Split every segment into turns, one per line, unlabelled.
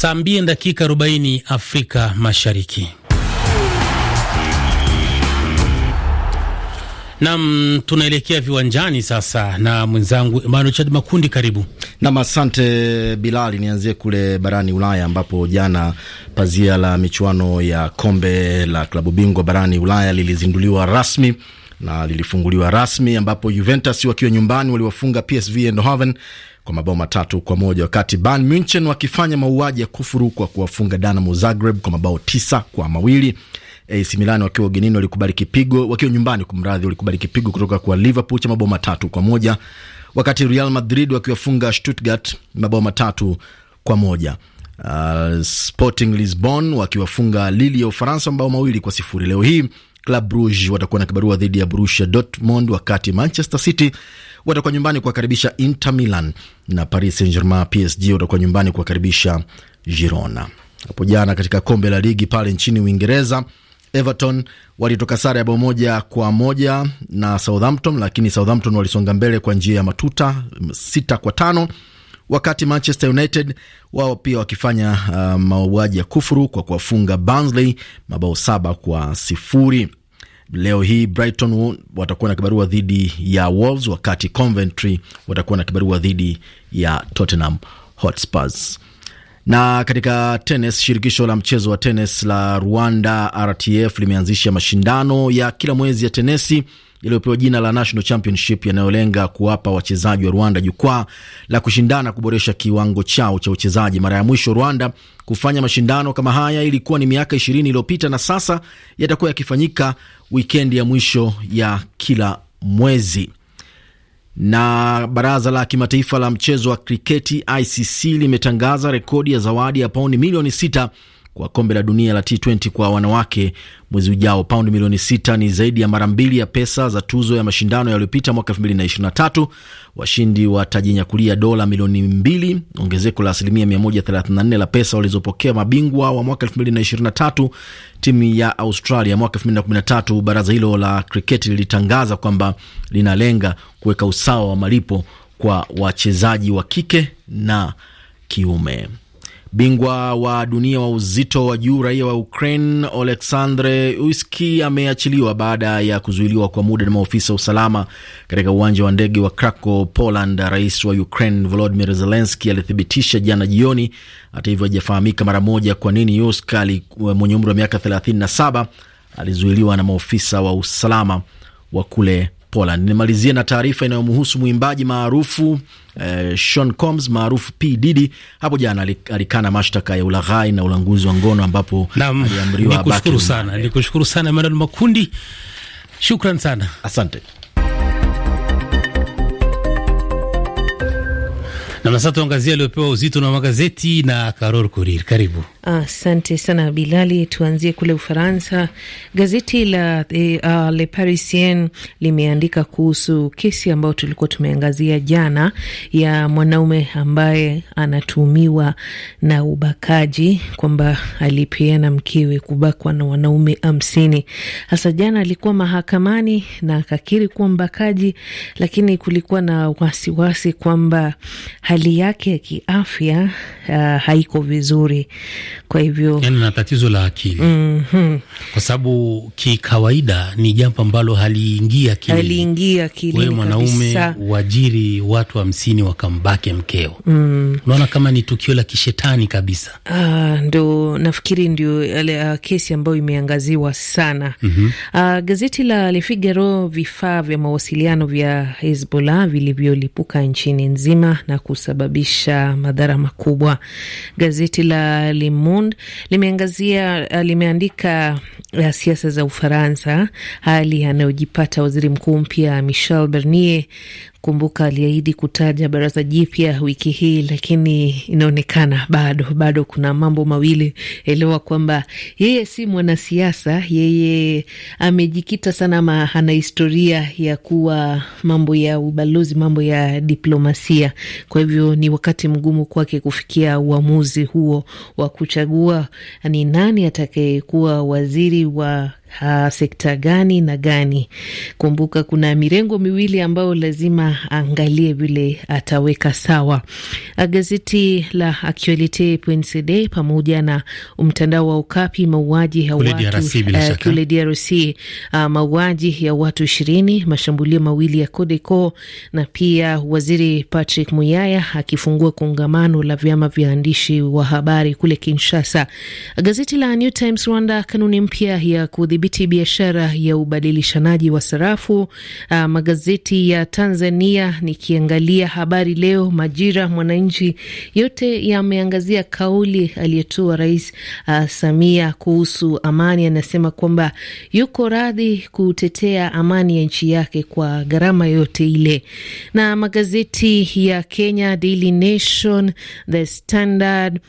saa 2 dakika 40 Afrika Mashariki. Nam, tunaelekea viwanjani sasa na mwenzangu Emmanuel Chad Makundi, karibu
nam. Asante Bilali, nianzie kule barani Ulaya ambapo jana pazia la michuano ya kombe la klabu bingwa barani Ulaya lilizinduliwa rasmi na lilifunguliwa rasmi ambapo Juventus wakiwa nyumbani waliwafunga PSV Eindhoven kwa mabao matatu kwa moja wakati Bayern Munchen wakifanya mauaji ya kufuru kwa kuwafunga Dinamo Zagreb kwa mabao tisa kwa mawili. AC Milan wakiwa ugenini walikubali kipigo, wakiwa nyumbani kumradhi, walikubali kipigo kutoka kwa Liverpool cha mabao matatu kwa moja wakati Real Madrid wakiwafunga Stuttgart mabao matatu kwa moja. Uh, Sporting Lisbon wakiwafunga Lille ya Ufaransa mabao mawili kwa sifuri. Leo hii Club Brugge watakuwa na kibarua dhidi ya Borussia Dortmund, wakati Manchester City watakuwa nyumbani kuwakaribisha Inter Milan na Paris Saint Germain. PSG watakuwa nyumbani kuwakaribisha Girona. Hapo jana katika kombe la ligi pale nchini Uingereza, Everton walitoka sare ya bao moja kwa moja na Southampton, lakini Southampton walisonga mbele kwa njia ya matuta sita kwa tano wakati Manchester United wao pia wakifanya uh, mauaji ya kufuru kwa kuwafunga bansley mabao saba kwa sifuri. Leo hii Brighton watakuwa na kibarua dhidi ya Wolves, wakati Coventry watakuwa na kibarua dhidi ya Tottenham Hotspurs. Na katika tenis, shirikisho la mchezo wa tenis la Rwanda RTF limeanzisha mashindano ya kila mwezi ya tenesi yaliyopewa jina la National Championship yanayolenga kuwapa wachezaji wa Rwanda jukwaa la kushindana, kuboresha kiwango chao cha uchezaji. Mara ya mwisho Rwanda kufanya mashindano kama haya ilikuwa ni miaka ishirini iliyopita na sasa yatakuwa yakifanyika wikendi ya mwisho ya kila mwezi. Na baraza la kimataifa la mchezo wa kriketi ICC limetangaza rekodi ya zawadi ya paundi milioni sita kwa kombe la dunia la T20 kwa wanawake mwezi ujao. Paundi milioni sita ni zaidi ya mara mbili ya pesa za tuzo ya mashindano yaliyopita mwaka 223 Washindi watajinyakulia dola milioni mbili, ongezeko la asilimia 134 la pesa walizopokea mabingwa wa mwaka 223 timu ya Australia. Mwaka tatu baraza hilo la kriketi lilitangaza kwamba linalenga kuweka usawa wa malipo kwa wachezaji wa kike na kiume. Bingwa wa dunia wa uzito wa juu raia wa Ukraine Oleksandre Uski ameachiliwa baada ya kuzuiliwa kwa muda na maofisa wa usalama katika uwanja wa ndege wa Krakow, Poland. Rais wa Ukraine volodimir zelenski alithibitisha jana jioni. Hata hivyo, hajafahamika mara moja kwa nini Usk mwenye umri wa miaka 37 alizuiliwa na maofisa wa usalama wa kule Poland. Nimalizie na taarifa inayomhusu mwimbaji maarufu eh, Sean Combs maarufu P Diddy. Hapo jana alikana mashtaka ya ulaghai na ulanguzi wa ngono ambapo aliamriwa. Nikushukuru
sana, nikushukuru sana Emmanuel Makundi, shukran sana, asante. Na sasa tuangazia aliyopewa uzito na magazeti na Karol Kurir, karibu.
Asante ah, sana Bilali. Tuanzie kule Ufaransa. Gazeti la uh, Le Parisien limeandika kuhusu kesi ambayo tulikuwa tumeangazia jana ya mwanaume ambaye anatuhumiwa na ubakaji kwamba alipeana mkewe kubakwa na wanaume hamsini. Hasa jana alikuwa mahakamani na akakiri kuwa mbakaji, lakini kulikuwa na wasiwasi kwamba hali yake ya kiafya uh, haiko vizuri. Kwa hivyo
yani na tatizo la akili mm -hmm. Kwa sababu kikawaida ni jambo ambalo haliingia akili,
haliingia akili. Wewe mwanaume
uajiri watu hamsini wa wakambake mkeo mm. Unaona kama ni tukio la kishetani kabisa.
Uh, ndo nafikiri ndio uh, kesi ambayo imeangaziwa sana mm -hmm. uh, gazeti la Le Figaro, vifaa vya mawasiliano vya Hezbollah vilivyolipuka nchini nzima na kusababisha madhara makubwa. Gazeti la Le Monde limeangazia eh, limeandika eh, siasa za Ufaransa, hali anayojipata waziri mkuu mpya Michel Barnier Kumbuka aliahidi kutaja baraza jipya wiki hii, lakini inaonekana bado bado kuna mambo mawili. Elewa kwamba yeye si mwanasiasa, yeye amejikita sana ama ana historia ya kuwa mambo ya ubalozi, mambo ya diplomasia. Kwa hivyo ni wakati mgumu kwake kufikia uamuzi huo wa kuchagua ni nani atakayekuwa waziri wa uh, sekta gani na gani. Kumbuka kuna mirengo miwili ambayo lazima angalie vile ataweka sawa. Ah, gazeti la Actualite.cd pamoja na mtandao wa Ukapi, mauaji ya watu DRC, eh, kule DRC uh, ah, mauaji ya watu ishirini, mashambulio mawili ya Codeco na pia waziri Patrick Muyaya akifungua kongamano la vyama vya waandishi wa habari kule Kinshasa. Gazeti la New Times Rwanda, kanuni mpya ya kudhi kudhibiti biashara ya ubadilishanaji wa sarafu. Uh, magazeti ya Tanzania nikiangalia Habari Leo, Majira, Mwananchi, yote yameangazia kauli aliyetoa Rais uh, Samia kuhusu amani. Anasema kwamba yuko radhi kutetea amani ya nchi yake kwa gharama yote ile. Na magazeti ya Kenya, Daily Nation, The Standard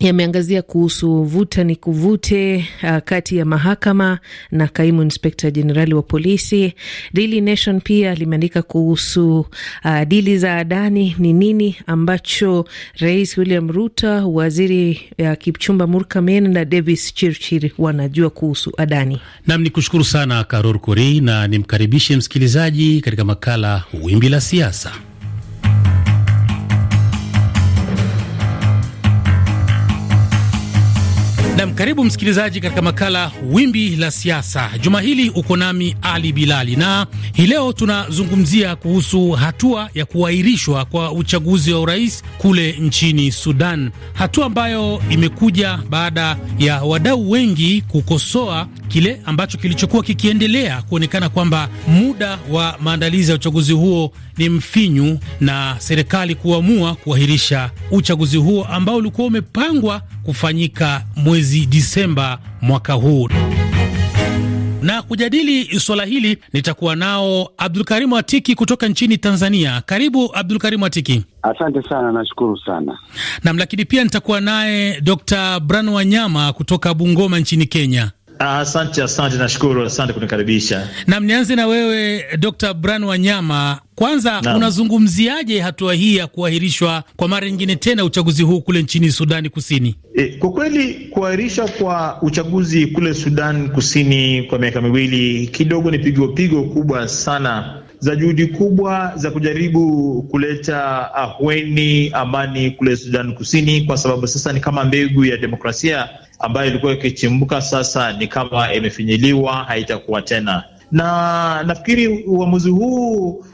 yameangazia kuhusu vuta ni kuvute uh, kati ya mahakama na kaimu inspekta jenerali wa polisi. Daily Nation pia limeandika kuhusu uh, dili za Adani ni nini ambacho Rais William Ruto, waziri uh, Kipchumba murkamen na Davis Chirchir wanajua kuhusu Adani.
Nam ni kushukuru sana Karor Kori na nimkaribishe msikilizaji katika makala Wimbi la Siasa. Nam, karibu msikilizaji katika makala Wimbi la Siasa. Juma hili uko nami Ali Bilali, na hii leo tunazungumzia kuhusu hatua ya kuahirishwa kwa uchaguzi wa urais kule nchini Sudan, hatua ambayo imekuja baada ya wadau wengi kukosoa kile ambacho kilichokuwa kikiendelea kuonekana kwamba muda wa maandalizi ya uchaguzi huo ni mfinyu na serikali kuamua kuahirisha uchaguzi huo ambao ulikuwa umepangwa kufanyika mwezi mwezi Disemba mwaka huu. Na kujadili swala hili nitakuwa nao Abdulkarimu Atiki kutoka nchini Tanzania. Karibu abdul karimu Atiki.
Asante sana, nashukuru sana
nam. Lakini pia nitakuwa naye Dr Bran Wanyama kutoka Bungoma nchini Kenya.
Asante, asante, nashukuru, asante kunikaribisha.
Nam, nianze na wewe Dr. Bran Wanyama. Kwanza na, unazungumziaje hatua hii ya kuahirishwa kwa mara nyingine tena uchaguzi huu kule nchini Sudani Kusini?
E, kwa kweli kuahirishwa kwa uchaguzi kule Sudan Kusini kwa miaka miwili kidogo ni pigo pigo kubwa sana za juhudi kubwa za kujaribu kuleta ahweni amani kule Sudan Kusini, kwa sababu sasa ni kama mbegu ya demokrasia ambayo ilikuwa ikichimbuka, sasa ni kama imefinyiliwa, haitakuwa tena na nafikiri uamuzi huu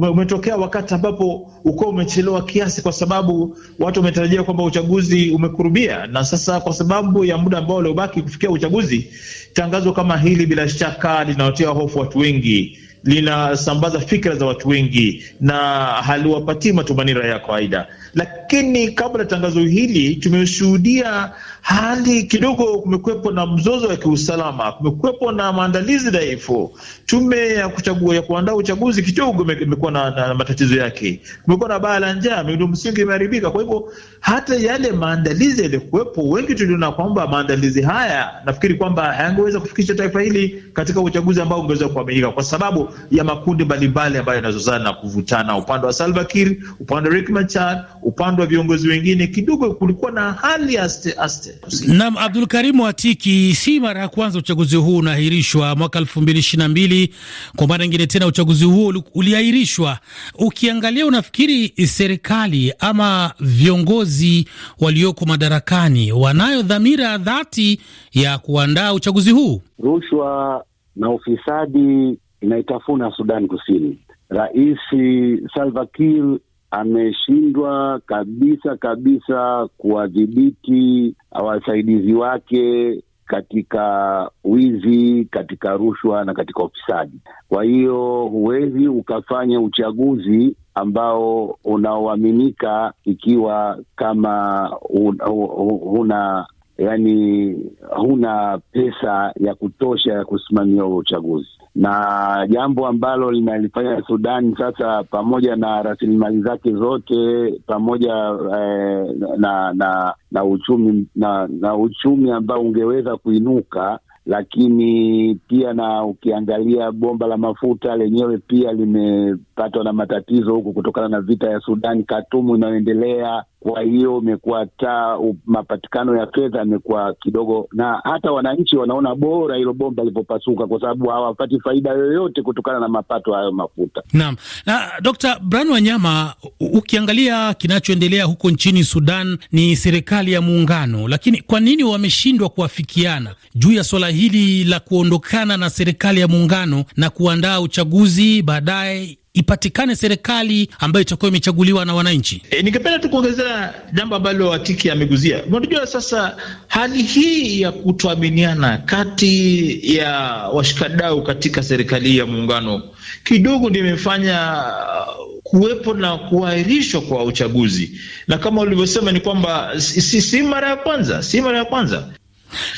umetokea wakati ambapo ukuwa umechelewa kiasi, kwa sababu watu wametarajia kwamba uchaguzi umekurubia, na sasa kwa sababu ya muda ambao uliobaki kufikia uchaguzi, tangazo kama hili bila shaka linawatia hofu watu wengi, linasambaza fikra za watu wengi na haliwapatii matumaini raia ya kawaida, lakini lakini kabla ya tangazo hili, tumeshuhudia hali kidogo, kumekuwepo na mzozo wa kiusalama, kumekuwepo na maandalizi dhaifu. Tume ya kuchagua ya kuandaa uchaguzi kidogo imekuwa na, na matatizo yake, kumekuwa na baa la njaa, miundo msingi imeharibika. Kwa hivyo hata yale maandalizi yaliyokuwepo, wengi tuliona kwamba maandalizi haya, nafikiri kwamba hayangeweza kufikisha taifa hili katika uchaguzi ambao ungeweza kuaminika, kwa sababu ya makundi mbalimbali ambayo yanazozana na kuvutana, upande wa Salva Kiir, upande wa Riek Machar, upande upande viongozi wengine kidogo kulikuwa na hali aste aste.
Naam, Abdul Karimu Watiki, si mara ya kwanza uchaguzi huu unaahirishwa. Mwaka elfu mbili ishirini na mbili kwa mara nyingine tena uchaguzi huo uliahirishwa. Ukiangalia, unafikiri serikali ama viongozi walioko madarakani wanayo dhamira dhati ya kuandaa uchaguzi huu?
Rushwa na ufisadi inaitafuna Sudan Kusini. Rais Salva Kiir ameshindwa kabisa kabisa kuwadhibiti wasaidizi wake katika wizi, katika rushwa na katika ufisadi. Kwa hiyo huwezi ukafanya uchaguzi ambao unaoaminika ikiwa kama huna yani huna pesa ya kutosha ya kusimamia huo uchaguzi, na jambo ambalo linalifanya Sudani sasa, pamoja na rasilimali zake zote, pamoja eh, na na na uchumi na, na uchumi ambao ungeweza kuinuka lakini pia na ukiangalia bomba la mafuta lenyewe pia limepatwa na matatizo huku kutokana na vita ya Sudani, Katumu inayoendelea kwa hiyo umekuwa taa mapatikano ya fedha amekuwa kidogo, na hata wananchi wanaona bora hilo bomba lilivyopasuka kwa sababu hawapati faida yoyote kutokana na mapato hayo mafuta.
Naam. Na Dr. bran Wanyama, ukiangalia kinachoendelea huko nchini Sudan ni serikali ya muungano, lakini kwa nini wameshindwa kuafikiana juu ya swala hili la kuondokana na serikali ya muungano na kuandaa uchaguzi baadaye ipatikane serikali ambayo itakuwa imechaguliwa na wananchi. E, ningependa tu kuongezea jambo ambalo Watiki ameguzia. Unajua, sasa hali hii ya
kutoaminiana kati ya washikadau katika serikali ya muungano kidogo ndio imefanya uh, kuwepo na kuahirishwa kwa uchaguzi, na kama ulivyosema ni kwamba si, si mara ya kwanza, si mara ya kwanza.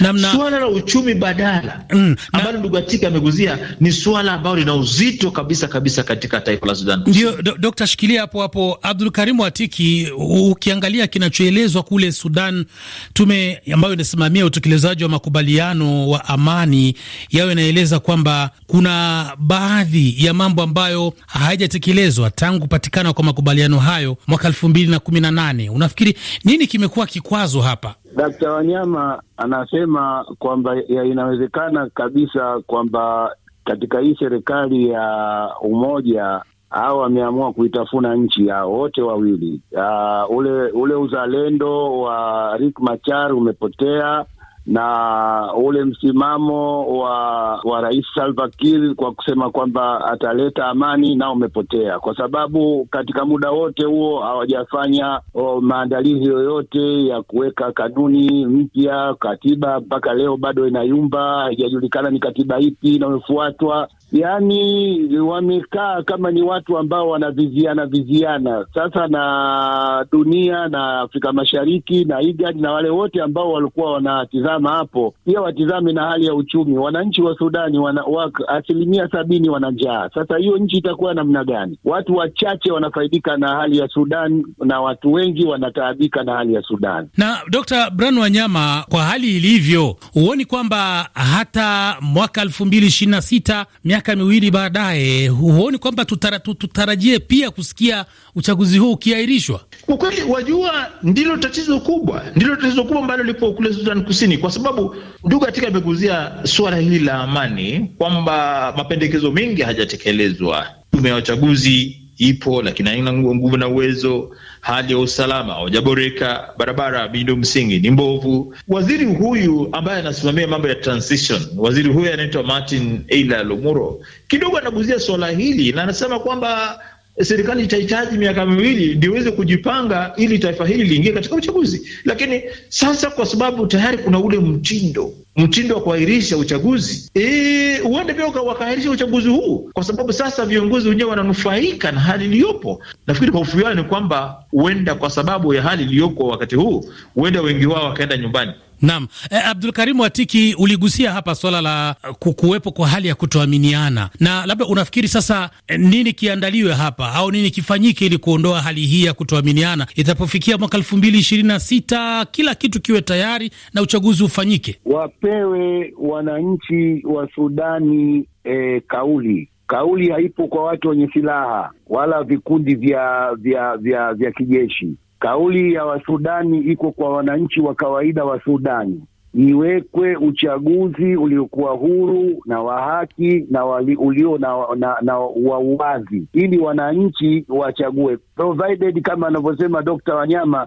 Namna...
swala la uchumi badala
mm, na... ambalo ndugu Atika ameguzia ni swala ambalo lina uzito kabisa kabisa katika taifa la Sudan.
Ndio Dr. shikilia hapo hapo, Abdul Karimu Atiki, ukiangalia kinachoelezwa kule Sudan, tume ambayo inasimamia utekelezaji wa makubaliano wa amani yao inaeleza kwamba kuna baadhi ya mambo ambayo hayajatekelezwa tangu kupatikana kwa makubaliano hayo mwaka elfu mbili na kumi na nane. Unafikiri nini kimekuwa kikwazo hapa?
Dakta Wanyama anasema kwamba inawezekana kabisa kwamba katika hii serikali ya umoja hao wameamua kuitafuna nchi yao wote wawili. Uh, ule ule uzalendo wa rik Machar umepotea na ule msimamo wa wa Rais Salva Kiir kwa kusema kwamba ataleta amani nao umepotea, kwa sababu katika muda wote huo hawajafanya maandalizi yoyote ya kuweka kanuni mpya. Katiba mpaka leo bado inayumba, haijajulikana ni katiba ipi inayofuatwa yaani wamekaa kama ni watu ambao wanaviziana viziana sasa, na dunia na Afrika Mashariki na IGAD na wale wote ambao walikuwa wanatizama hapo, pia watizame na hali ya uchumi. Wananchi wa Sudani wana, asilimia sabini wana njaa. Sasa hiyo nchi itakuwa namna gani? Watu wachache wanafaidika na hali ya Sudan na watu wengi wanataabika na hali ya Sudan.
Na Dr. Brian Wanyama, kwa hali ilivyo, huoni kwamba hata mwaka elfu mbili ishirini na sita miaka miwili baadaye, huoni kwamba tutara, tutarajie pia kusikia uchaguzi huu ukiahirishwa? Kwa kweli, wajua, ndilo tatizo kubwa, ndilo tatizo kubwa ambalo lipo kule Sudan Kusini, kwa sababu ndugu
katika ameguzia suala hili la amani, kwamba mapendekezo mengi hajatekelezwa. Tume ya uchaguzi ipo, lakini haina nguvu na uwezo. Hali ya usalama haujaboreka, barabara miundo msingi ni mbovu. Waziri huyu ambaye anasimamia mambo ya transition, waziri huyu anaitwa Martin Eila Lomuro, kidogo anaguzia swala hili na anasema kwamba serikali itahitaji miaka miwili ndio iweze kujipanga ili taifa hili liingie katika uchaguzi. Lakini sasa kwa sababu tayari kuna ule mtindo mtindo wa kuahirisha uchaguzi e, huende pia wakaahirisha uchaguzi huu, kwa sababu sasa viongozi wenyewe wananufaika na hali iliyopo. Nafikiri hofu yao ni kwamba huenda kwa sababu ya hali iliyoko wakati huu, huenda wengi wao wakaenda nyumbani. Naam,
e, Abdul karimu Watiki, uligusia hapa swala la kuwepo kwa hali ya kutoaminiana, na labda unafikiri sasa e, nini kiandaliwe hapa au nini kifanyike ili kuondoa hali hii ya kutoaminiana itapofikia mwaka elfu mbili ishirini na sita kila kitu kiwe tayari na uchaguzi ufanyike
Wap wasipewe wananchi wa Sudani e, kauli kauli haipo kwa watu wenye silaha wala vikundi vya vya vya vya kijeshi. Kauli ya Wasudani iko kwa wananchi wa kawaida wa Sudani. Iwekwe uchaguzi uliokuwa huru na wa haki na wali, ulio na, na, na wa uwazi ili wananchi wachague provided kama anavyosema Dokta Wanyama,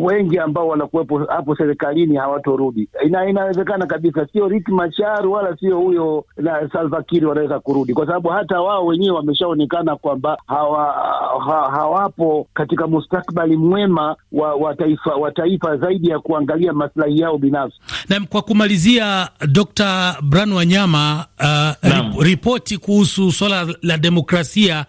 wengi ambao wanakuwepo hapo serikalini hawatorudi. Ina, inawezekana kabisa, sio Riek Machar wala sio huyo na Salva Kiir wanaweza kurudi, kwa sababu hata wao wenyewe wameshaonekana kwamba hawa, ha, hawapo katika mustakbali mwema wa, wa, taifa, wa taifa zaidi ya kuangalia maslahi yao binafsi. Na kwa kumalizia,
Dokta Bran Wanyama, uh, rip, ripoti kuhusu swala la demokrasia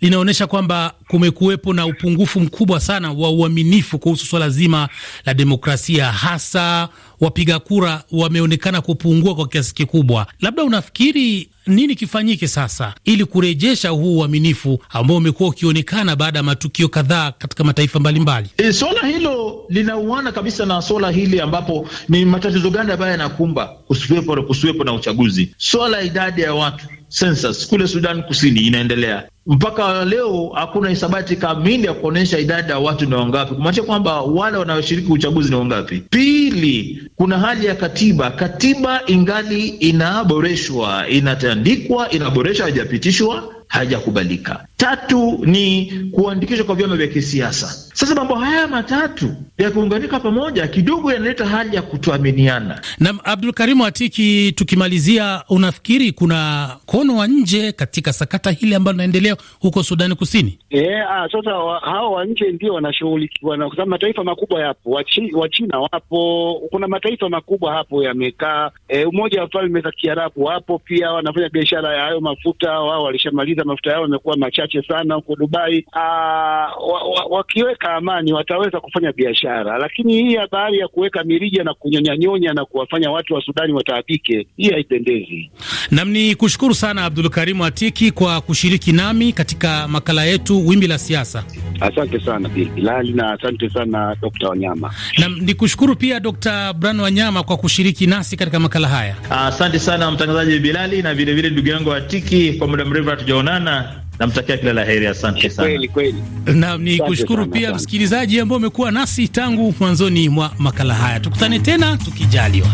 linaonyesha kwamba kumekuwepo kumekuwepo na upungufu mkubwa sana wa uaminifu kuhusu swala zima la demokrasia, hasa wapiga kura wameonekana kupungua kwa kiasi kikubwa. Labda unafikiri nini kifanyike sasa ili kurejesha huu uaminifu ambao umekuwa ukionekana baada ya matukio kadhaa katika mataifa mbalimbali? E,
swala hilo linauana kabisa na swala hili ambapo ni
matatizo gani ambayo yanakumba
kusiwepo na uchaguzi. Swala idadi ya watu Census, kule Sudan Kusini inaendelea, mpaka leo hakuna hisabati kamili ya kuonyesha idadi ya watu ni wangapi, kumaanisha kwamba wale wanaoshiriki uchaguzi ni wangapi. Pili, kuna hali ya katiba. Katiba ingali inaboreshwa, inatandikwa, inaboreshwa, haijapitishwa, haijakubalika Tatu ni kuandikishwa kwa vyama vya kisiasa. Sasa mambo haya matatu ya kuunganika pamoja kidogo yanaleta hali ya kutoaminiana.
Na Abdul Karimu Atiki, tukimalizia, unafikiri kuna mkono wa nje katika sakata hili ambalo linaendelea huko Sudani Kusini?
Yeah, eh, sasa hao wa nje ndio wanashughulikiwa, kwa sababu mataifa makubwa yapo, Wachina wapo, kuna mataifa makubwa hapo yamekaa. E, Umoja wa Falme za Kiarabu wapo pia, wanafanya biashara ya hayo mafuta, wao walishamaliza mafuta yao, wamekuwa machache wachache sana huko Dubai. Aa, ah, wa, wa, wakiweka amani wataweza kufanya biashara, lakini hii habari ya kuweka mirija na kunyonyanyonya na kuwafanya watu wa Sudani wataabike, hii haipendezi.
Nam ni kushukuru sana Abdul Karimu Atiki kwa kushiriki nami katika makala yetu Wimbi la Siasa.
Asante sana Bil Bilali na asante sana Dokta Wanyama.
Nam ni kushukuru pia Dokta Bran Wanyama kwa kushiriki nasi katika makala haya.
Asante sana mtangazaji Bilali na vilevile ndugu yangu Atiki, kwa muda mrefu hatujaonana namtakia kila la heri. Asante sana. Kweli
kweli. na ni kushukuru pia msikilizaji ambao umekuwa nasi tangu mwanzoni mwa makala haya. Tukutane tena tukijaliwa.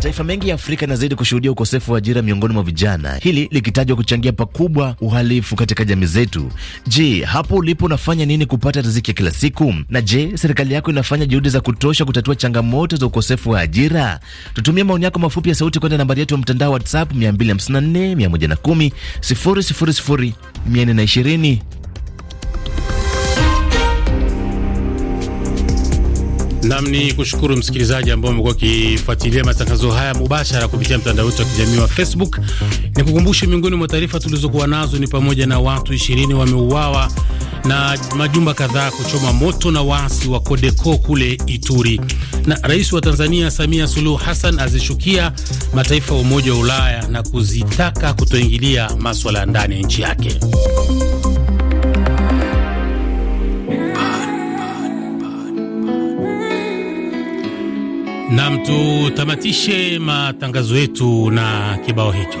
Mataifa mengi ya Afrika yanazidi kushuhudia ukosefu wa ajira miongoni mwa vijana, hili likitajwa kuchangia pakubwa uhalifu katika jamii zetu. Je, hapo ulipo unafanya nini kupata riziki ya kila siku? Na je, serikali yako inafanya juhudi za kutosha kutatua changamoto za ukosefu wa ajira? Tutumie maoni yako mafupi ya sauti kwenda nambari yetu ya mtandao WhatsApp 254 110 000 420.
Nam ni kushukuru msikilizaji ambao umekuwa ukifuatilia matangazo haya mubashara kupitia mtandao wetu wa kijamii wa Facebook. Ni kukumbushe miongoni mwa taarifa tulizokuwa nazo ni pamoja na watu ishirini wameuawa na majumba kadhaa kuchoma moto na waasi wa Kodeko kule Ituri, na rais wa Tanzania Samia Suluhu Hassan azishukia mataifa ya Umoja wa Ulaya na kuzitaka kutoingilia maswala ya ndani ya nchi yake. Nam, tutamatishe matangazo yetu na kibao hicho.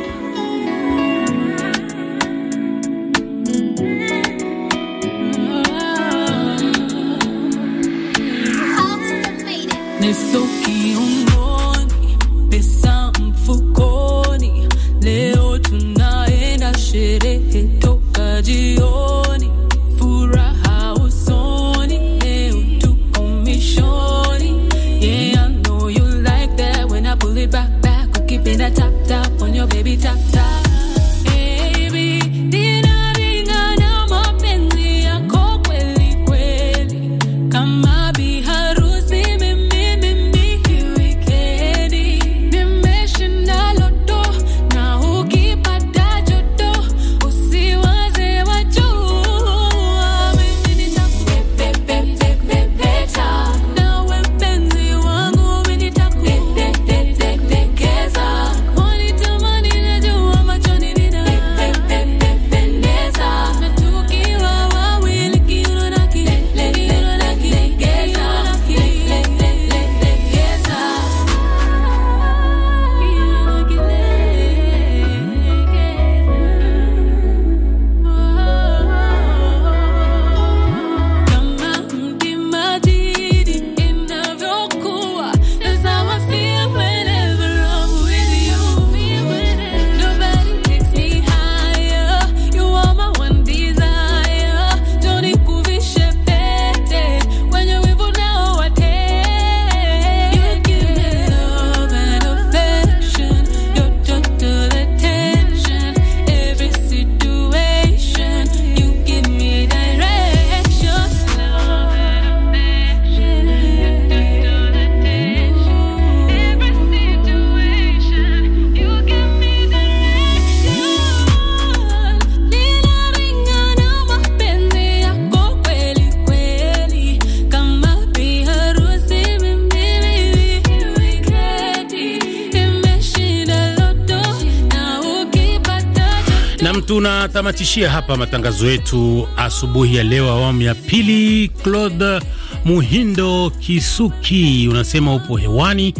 tunatamatishia hapa matangazo yetu asubuhi ya leo, awamu ya pili. Claude Muhindo Kisuki unasema upo hewani,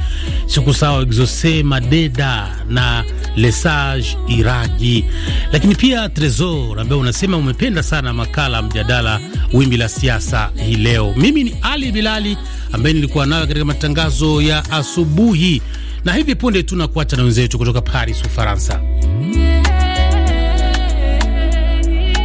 siku sawa, Exose Madeda na Lesage Iragi, lakini pia Tresor ambaye unasema umependa sana makala mjadala wimbi la siasa hii leo. Mimi ni Ali Bilali ambaye nilikuwa nayo katika matangazo ya asubuhi, na hivi punde tunakuacha na
wenzetu kutoka Paris, Ufaransa.